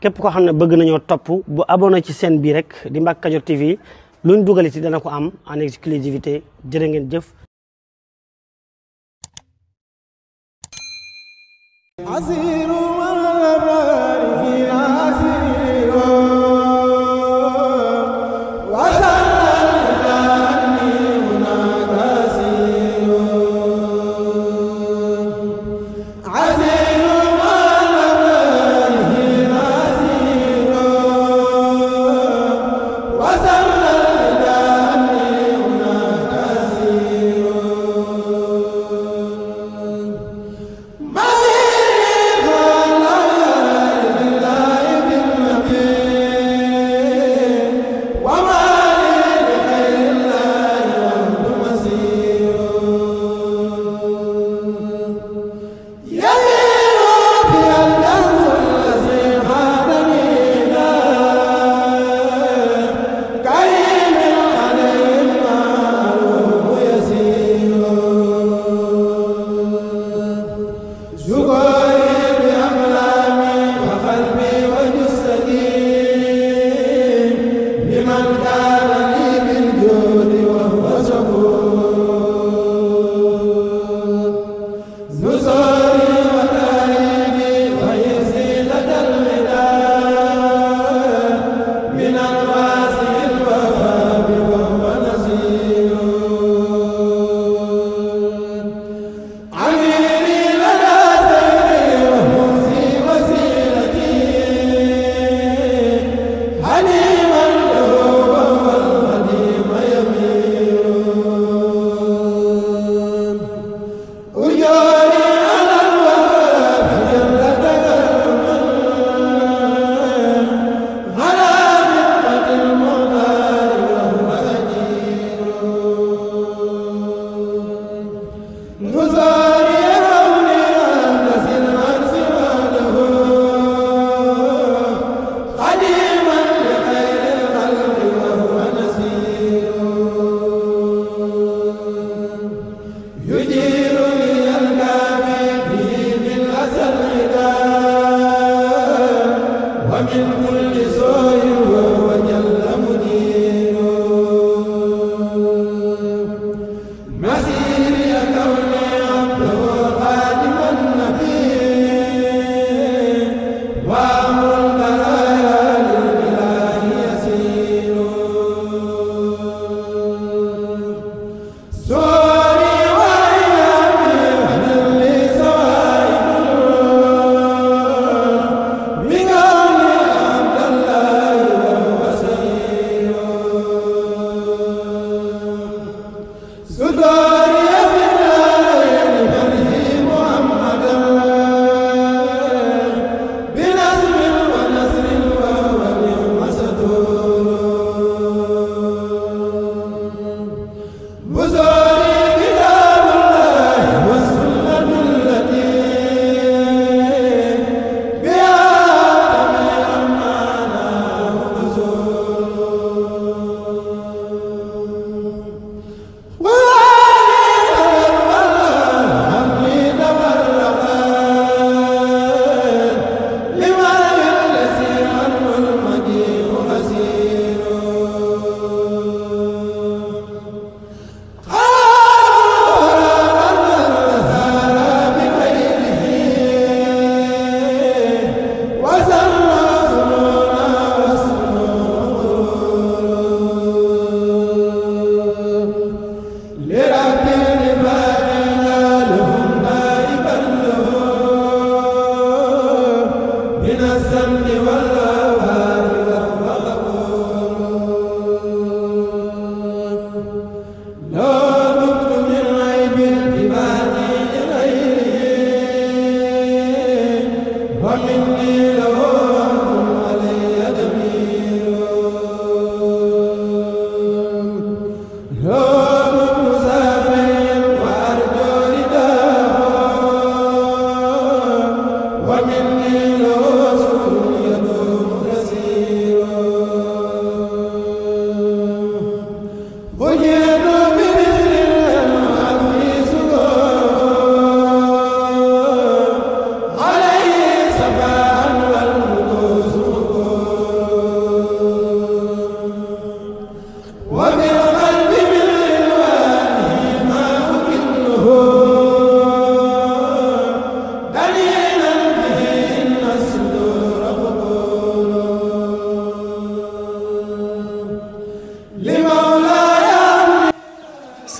képp koo xam ne bëgg nañoo topp bu abonné ci seen bii rek di Mbacke Kadior TV lu ñu dugal ci dana ko am en exclusivité jërë ngeen jëf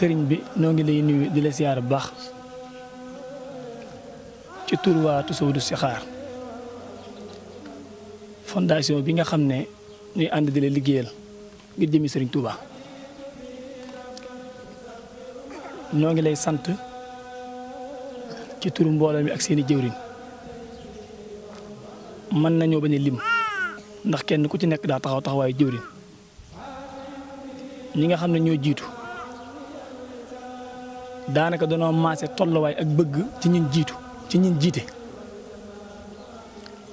sëriñ bi ñoo ngi lay nuyu di siyaar bu baax ci tur waa Tazawudu Sixaar fondation bi nga xam ne ñuy ànd di liggéeyal ngir jëmi sëriñ Touba noo ngi lay sant ci turu mbooloo mi ak seeni jëwriñ mën nañoo bañ a lim ndax kenn ku ci nekk daa taxaw taxawaayu jëwriñ ñi nga xam ne ñoo jiitu. daanaka danoo maase tolluwaay ak bëgg ci ñun jiitu ci ñun jiite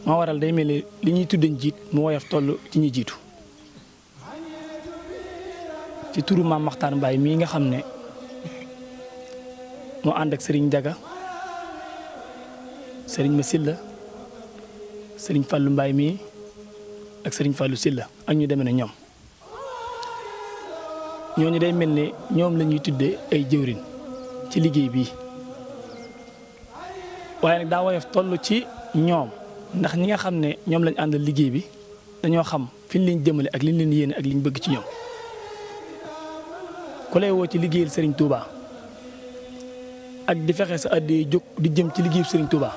moo waral day mel ni li ñuy tudde jiit mu woyof toll ci ñu jiitu ci turu maam Maxtaar Mbaay mii nga xam ne moo ànd ak sëriñ Jaga sëriñ ma Silla sëriñ Fàllu Mbaay mii ak sëriñ Fàllu Silla ak ñu deme ne ñoom ñooñu day mel ni ñoom lañuy ñuy tuddee ay jëwrin ci liggéey bi waaye nag daa woyof toll ci ñoom ndax ñi nga xam ne ñoom lañ àndal liggéey bi dañoo xam fi ñu leen jëmale ak liñ leen yéene ak liñ bëgg ci ñoom ku lay woo ci liggéeyal sëriñ Touba ak di fexe sa àddi jóg di jëm ci liggéeyu Serigne Touba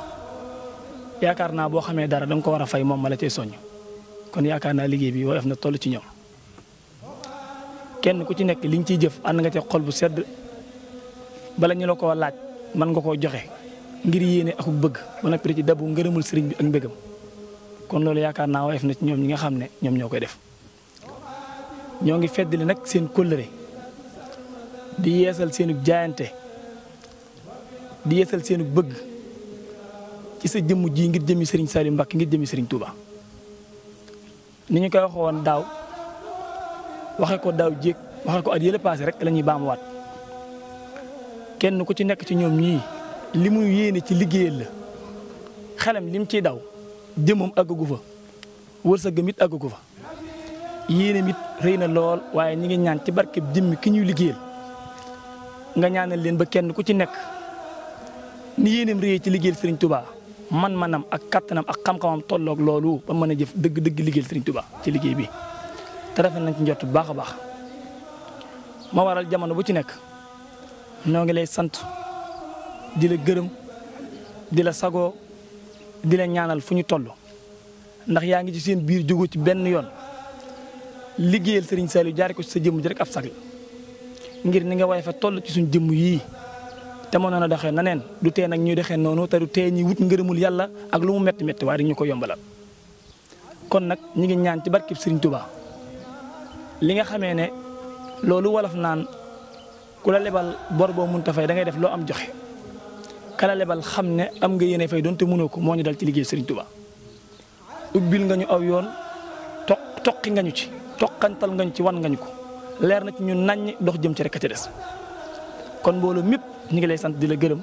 yaakaar naa boo xamee dara danga ko war a fay moom ma la cay soññ kon yaakaar naa liggéey bi woyof na toll ci ñoom kenn ku ci nekk liñ ciy jëf ànd nga ci xol bu sedd bala ñu la koo laaj mën nga koo joxe ngir yéene akuk bëgg ba noppi ci dabu ngërëmul sëriñ bi ak mbégam kon loolu yaakaar naa woyof na ci ñoom ñi nga xam ne ñoom ñoo koy def ñoo ngi feddali nag seen kóllëre di yeesal seenu jaayante di yeesal seenu bëgg ci sa jëmm ji ngir jëmmi sëriñ Saliou mbakk ngir jëmi sëriñ Touba ni ñu koy woon daaw waxe ko daaw jéeg waxe ko at yële paase rek la ñuy baamuwaat kenn ku ci nekk ci ñoom ñii li mu yéene ci liggéeyal la xelam lim ciy daw jëmam àggagu fa wërsëgam it àggagu fa yéeneem it rëy na lool waaye ñi ngi ñaan ci barkeb jëmmi ki ñuy liggéeyal nga ñaanal leen ba kenn ku ci nekk ni yéeneem rëyee ci liggéeyal Serigne tubaa man-manam ak kattanam ak xam-xamam tolloog loolu ba mën a jëf dëgg dëgg liggéeyal Serigne Touba ci liggéey bi te rafet nañ ci njort bu baax a baax ma waral jamono bu ci nekk. noo ngi lay sant di la gërëm di la sagoo di la ñaanal fu ñu toll ndax yaa ngi ci seen biir jógu ci benn yoon liggéeyal sëriñ Saliou jaare ko ci sa jëmm ji rek ab sag ngir ni nga way fa toll ci suñ jëmm yii te mënoon a doxee na neen du tee nag ñuy doxee noonu te du tee ñi wut ngërëmul yàlla ak lu mu métti métti waaye ñu ko yombalal kon nag ñu ngi ñaan ci barkib sëriñ Touba li nga xamee ne loolu wolof naan ku la lebal bor boo mënta fay da ngay def loo am joxe kala lebal xam ne am nga yéene fay donte mënoo ko moo ñu dal ci liggéey Serigne Touba ubbil nga ñu aw yoon to toqi nga ñu ci toqantal nga ñu ci wan nga ñu ko leer na ci ñu naññ dox jëm ci rekk ci des kon mbooloo mépp ñu ngi lay sant di la gërëm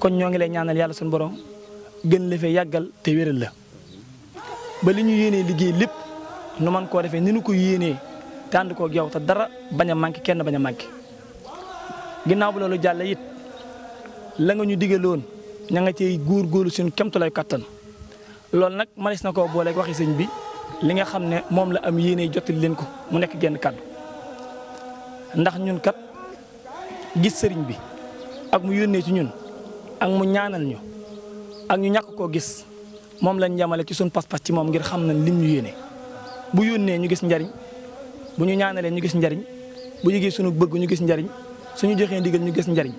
kon ñoo ngi lay ñaanal yàlla sun borom gën la yàggal te wéral la ba li ñu yéenee liggéey lépp nu man koo defee ni nu ko yéenee te ànd koog yow te dara bañ a manqué kenn bañ a manqué ginnaaw bu loolu jàll it la nga ñu digaloon ña nga ci góor góorlu suñu kemtulay kattan loolu nag manis na koo booleeg waxi sëñ bi li nga xam ne moom la am yéene jottali leen ko mu nekk genn kàddu ndax ñun kat gis sëriñ bi ak mu yónnee ci ñun ak mu ñaanal ñu ak ñu ñàkk koo gis moom lañ yemale ci suñu pas-pas ci moom ngir xam nañ lim ñu yéene bu yónnee ñu gis njariñ bu ñu ñaanalee ñu gis njariñ bu yëgee sunu bëgg ñu gis njariñ su ñu joxee ndigal ñu gis njariñ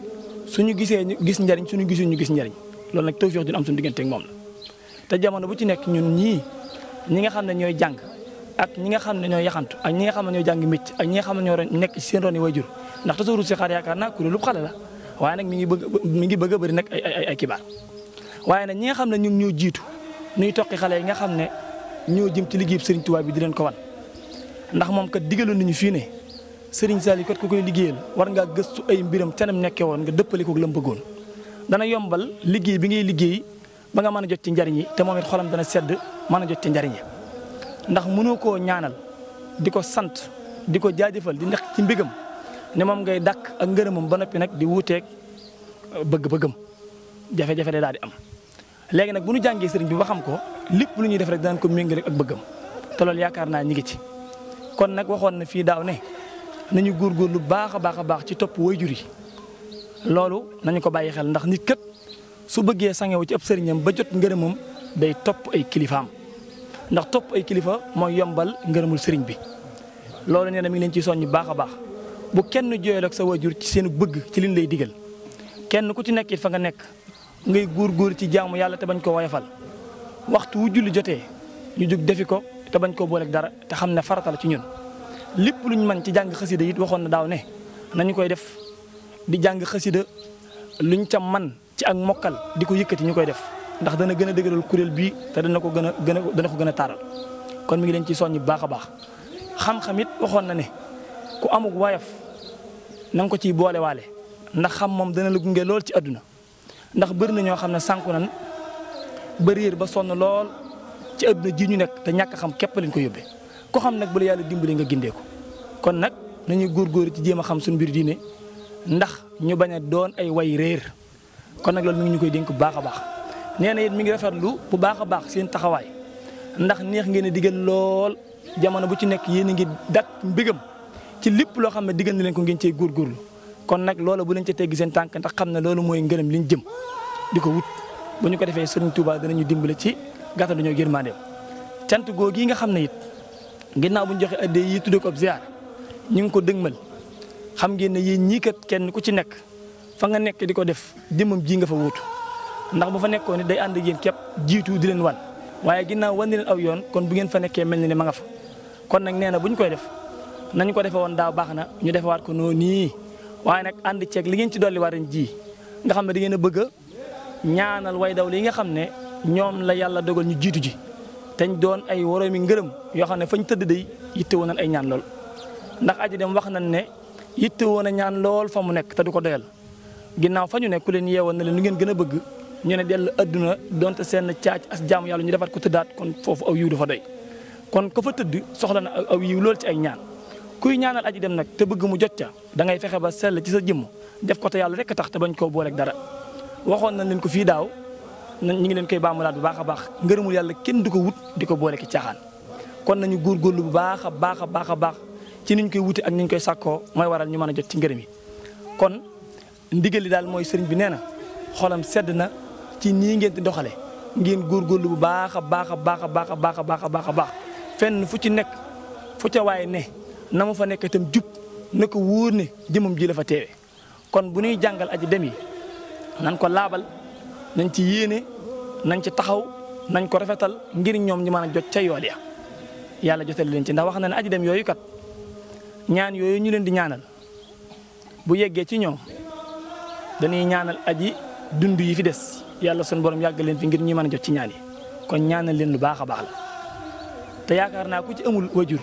suñu gisee ñu gis njariñ suñu gisee ñu gis njariñ lool nag tawfeex ju am suñu diggante ak moom la te jamono bu ci nekk ñun ñii ñi nga xam ne ñooy jàng ak ñi nga xam ne ñooy yaxantu ak ñi nga xam ne ñooy jàng mécc ak ñi xam ne ñoo nekk ci seen roni waajur ndax tasawuru si xaar yaakaar naa kuréelu xale la waaye nag mi ngi bëgg mi ngi bëgg a bëri nag ay ay kibaar waaye nag ñi nga xam ne ñun ñoo jiitu ñuy toqi xale yi nga xam ne ñoo jëm ci liggéeyub Sëriñ Tuubaa bi di leen ko wan ndax moom kat digaloon nañu fii ne sëriñ Saliou kat ku koy liggéeyal war ngaa gëstu ay mbiram te nam nekkee woon nga dëppale ko la mu dana yombal liggéey bi ngay liggéey ba nga mën a jot ci njariñ yi te moom it xolam dana sedd mën a jot ci njariñ ndax mënoo koo ñaanal di ko sant di ko jaajëfal di nekk ci mbigam ne moom ngay dakk ak ngërëmam ba noppi nag di wuuteeg euh, bëgg-bëggam jafe-jafe day daal di am. léegi nag bu ñu jàngee sëriñ bi ba xam ko lépp lu ñuy def rek danañ ko méngale ak bëggam te loolu yaakaar naa ñi ngi ci kon nag waxoon na fii daaw ne nañu góorgóorlu baax a baax a baax ci topp wayjur yi loolu nañu ko bàyyi xel ndax nit kat su bëggee sangewu ci ab sëriñam ba jot ngërëmam day topp ay kilifaam ndax topp ay kilifa mooy yombal ngërëmul sëriñ bi loolu nee na mi ngi leen ciy soññ baax a baax bu kenn jooyal ak sa wajur ci seen bëgg ci liñ lay digal kenn ku ci nekk it fa nga nekk ngay góor-góor ci jaamu yàlla te bañ ko woyofal waxtu wu julli jotee ñu jóg defi ko te bañ koo booleeg dara te xam ne farata la ci ñun lépp luñ mën ci jàng xasida it waxoon na daaw ne nañu koy def di jàng xasida luñ ca man ci ak mokkal di ko yëkkati ñu koy def ndax dana gën a dëgëral kuréel bii te dana ko gën a gën dana ko gën a taaral kon mi ngi leen ci soññ bu baax a baax xam-xam it waxoon na ne ku amug wayaf na ko ciy boole waale ndax xam moom dana la gunge lool ci àdduna ndax bëri na ñoo xam ne sànku nan ba réer ba sonn lool ci àdduna ji ñu nekk te ñàkk xam képp lañ ko yóbbee ku xam nag bu la yàlla dimbali nga gindee ko kon nag nañuy góorgóorlu ci jéem a xam suñu mbir diine ndax ñu bañ a doon ay way réer kon nag loolu mi ñu koy dénk bu baax a baax nee na it mi ngi rafetlu bu baax a baax seen taxawaay ndax neex ngeen a digal lool jamono bu ci nekk yéen a ngi dak mbégam ci lépp loo xam ne digal na leen ko ngeen cee góorgóorlu kon nag loolu bu leen teggi seen tànk ndax xam ne loolu mooy ngërëm liñ jëm di ko wut bu ñu ko defee Sëriñ Tuubaa danañu dimbale ci gàttal ñoo yërmandeem cant googu yi nga xam ne it ginnaaw bu ñu joxe adde yi tuddee ko ab ñu ngi ko dëgmal xam ngeen ne yéen ñii kat kenn ku ci nekk fa nga nekk di ko def jëmmam jii nga fa wut ndax bu fa nekkoon day ànd ak képp jiitu di leen wan waaye ginnaaw wan aw yoon kon bu ngeen fa nekkee mel ni ne ma nga fa kon nag nee na bu ñu koy def nañu ko defee woon daaw baax na ñu defewaat ko noonu nii waaye nag ànd ceeg li ngeen ci dolli war jii nga xam ne di ngeen a bëgg ñaanal way daw li nga xam ne ñoom la yàlla dogal ñu jiitu ji teñ doon ay woroomi ngërëm yoo xam ne fa ñu tëdd day yitte woon nañ ay ñaan lool ndax aji dem wax nañ ne yitte woon a ñaan lool fa mu nekk te du ko doyal ginnaaw fa ñu ne ku leen yeewoon na leen lu ngeen gën a bëgg ñu ne dellu adduna donte seen caac as jaamu yàlla ñu defaat ko tëddaat kon foofu aw yiw dafa doy kon ko fa tëdd soxla na aw yiw lool ci ay ñaan kuy ñaanal aji dem nag te bëgg mu jot ca dangay fexe ba sell ci sa jëmm def ko te yàlla rek bañ koo booleeg dara waxoon nañ leen ko fii daaw nan ñu ngi leen koy baamulaat bu baax a baax ngërëmul yàlla kenn du ko wut di ko boole ki caaxaan kon nañu góorgóorlu bu baax a a baax a baax ci niñ koy wuti ak niñ koy sàkkoo mooy waral ñu mën a jot ci kon ndigal li daal mooy sëriñ bi nee na xolam sedd na ci nii ngeen di doxale ngeen góorgóorlu bu baax a baax a baax a baax a baax a baax a baax a baax fenn fu ci nekk fu ca waay ne na mu fa nekk tam jub na ko wóor ne jëmam ji la fa teewe kon bu ñuy jàngal aji dem yi nan ko laabal nañ ci yéene nañ ci taxaw nañ ko rafetal ngir ñoom ñu mën jot ca yool ya yàlla jotal leen ci ndax wax na ne aji dem yooyu kat ñaan yooyu ñu leen di ñaanal bu yeggee ci ñoom dañuy ñaanal aji dund yi fi des yàlla sunu borom yàgg leen fi ngir ñi mën a jot ci ñaan yi kon ñaanal leen lu baax a baax la te yaakaar naa ku ci amul wajur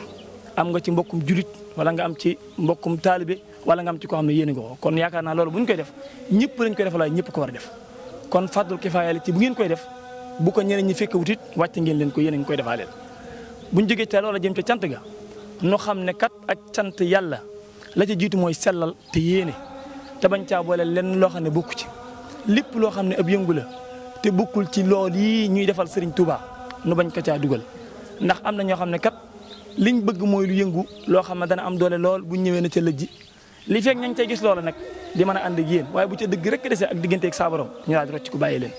am nga ci mbokkum julit wala nga am ci mbokkum taalibe wala nga am ci koo xam ne yéene nga ko kon yaakaar naa loolu bu ñu koy def ñëpp lañ koy def ñëpp ko war a def. kon fardul kifaaya la ci bu ngeen koy def bu ko ñeneen ñi fekk wutit wàcc ngeen leen ko yéen a ngi koy defaaleel buñ jógee ca loola jëm ca cant ga nu xam ne kat ak cant yàlla la ca jiitu mooy sellal te yéene te bañ caa boole lenn loo xam ne bokku ci lépp loo xam ne ab yëngu la te bukkul ci lool yi ñuy defal Serigne Touba nu bañ ko caa dugal ndax am na ñoo xam ne kat liñ bëgg mooy lu yëngu loo xam ne dana am doole lool bu ñëwee na ca lëjji li fekk ña ngi gis loola nag di mën a ànd ak yéen waaye bu ca dëgg rek dese ak diggante ak saabarom ñu daal di rocc bàyyi leen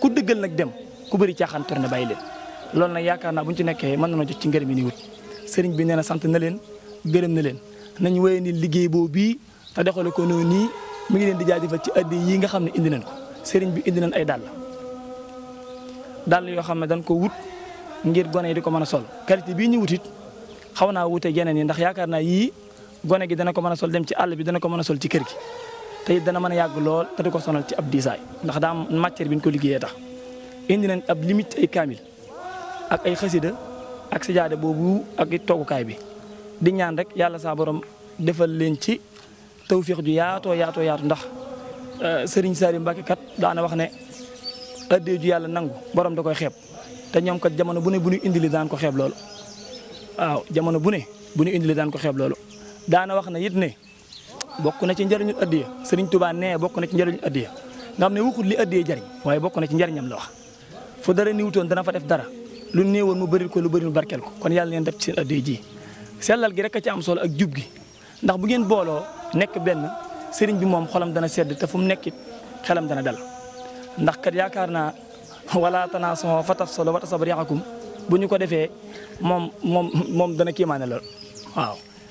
ku dëggal nag dem ku bëri caaxaan tor na bàyyi leen loolu nag yaakaar naa bu ñu ci nekkee mën nañoo jot ci ngërëm yi ni wut sëriñ bi nee na sant na leen gërëm na leen nañ wéye ni liggéey boobu bii te doxale ko noonu nii mi ngi leen di jaajëfal ci addi yi nga xam ne indi nañ ko sëriñ bi indi nan ay dàll dàll yoo xam ne dañ ko wut ngir gone yi di ko mën a sol qualité bii ñu wutit xaw naa wute yeneen yi ndax yaakaar naa yii gone gi dana ko mën a sol dem ci àll bi dana ko mën a sol ci kër gi te dana mën a yàgg lool te du ko sonal ci ab diisaay ndax daa am bi ñu ko liggéeyee tax indi nañ ab limite ay kaamil ak ay xasida ak sijaade boobu ak i toogukaay bi di ñaan rek yàlla saa borom defal leen ci tawfiix ju yaatoo yaatoo yaatu ndax euh, Serigne Saliou Mbacké kat daana wax ne addee ju yàlla nangu borom da koy xeeb te ñoom kat jamono bu ne bu ñu indili daan ko xeeb loolu waaw jamono bu ne bu ñu indili daan ko xeeb loolu daana wax na it ne bokk na ci njëriñu addiya Sëriñ Tuubaa nee bokk na ci njëriñu addiya nga ne waxul li addiya jariñ waaye bokk na ci njariñam la wax fu dara niwutoon dana fa def dara lu néewoon mu bëril ko lu bëril mu barkeel ko kon yàlla leen def ci seen addiya ji sellal gi rek a ci am solo ak jub gi ndax bu ngeen booloo nekk benn sëriñ bi moom xolam dana sedd te fu mu nekkit xelam dana dal ndax kat yaakaar naa wala tanaasaxoo fa tafsalu wa tasabrixakum bu ñu ko defee moom moo moom dana kiimaane lool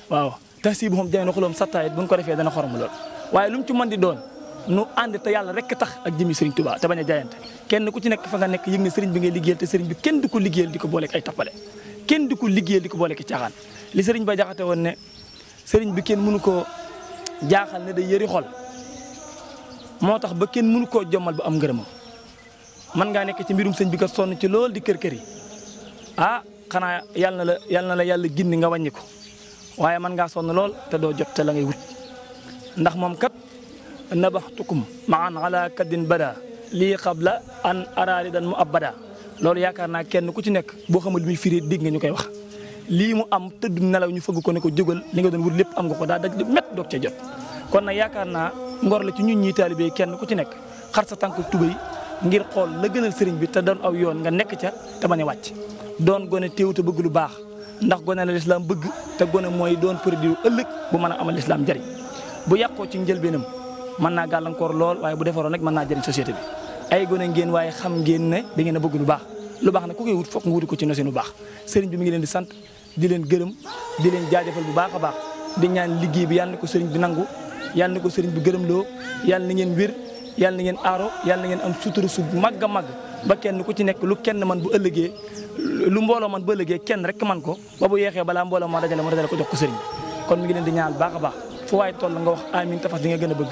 waaw tasiibuhum dayna xulóom sattaayit buñ ko defee dana xorom lool waaye lu mu ci mën di doon nu ànd te yàlla a tax ak jëmi sëriñ Tuubaa te bañ a jaayante kenn ku ci nekk fa nga nekk yëg ne sëriñ bi ngay liggéeyal te sëriñ bi kenn du ko liggéeyal di ko booleeg ay tappale kenn di ko liggéeyal di ko booleeg caaxaan li sëriñ ba jaxate woon ne sëriñ bi kenn mënu koo jaaxal ne day yëri xol moo tax ba kenn mënu koo jommal ba am ngërëmam mën ngaa nekk ci mbirum sëñ bi ko sonn ci lool di kër kër yi ah xanaa yàlla la yàlla na la yàlla gindi nga wàññi ko waaye mën ngaa sonn lool te doo jot te la ngay wut ndax moom kat nabaxtukum maan ala kaddin bada lii la an araari dan mu ab bada loolu yaakaar naa kenn ku ci nekk boo xamul muy firi digg nga ñu koy wax lii mu am tëdd nelaw ñu fëgg ko ne ko jógal li nga doon wut lépp am nga ko daa daj li mét doog ca jot kon nag yaakaar naa ngor la ci ñun ñii taalibe kenn ku ci nekk xar sa tànk tubéy ngir xool la gënal sëriñ bi te doon aw yoon nga nekk ca te bañ a doon gone téew bëgg lu baax ndax gone la lislaam bëgg te gone mooy doon produit ëllëg bu mën a amal lislaam njëriñ bu yàqoo ci njëlbeenam mën naa gàllankoor lool waaye bu defaroon nag mën naa jëriñ société bi ay gone ngeen waaye xam ngeen ne da ngeen a bëgg lu baax lu baax ne ku koy wut foog nga wuti ko ci nosin bu baax sëriñ bi mi ngi leen di sant di leen gërëm di leen jaajafal bu baax a baax di ñaan liggéey bi yàlla na ko sëriñ bi nangu yàlla na ko sëriñ bi gërëm loo yàlla na ngeen wér yàlla aaro yàlla ngeen am sutura su màgg a màgg ba kenn ku ci nekk lu kenn man bu ëllëgee lu mbooloo man ba ëllëgee kenn rek man ko ba bu yeexee balaa mbooloo dajale ma dajale ko jox sëriñ kon mi ngi leen di ñaan baax a baax fu waaye toll nga wax amin tafas di gën a bëgg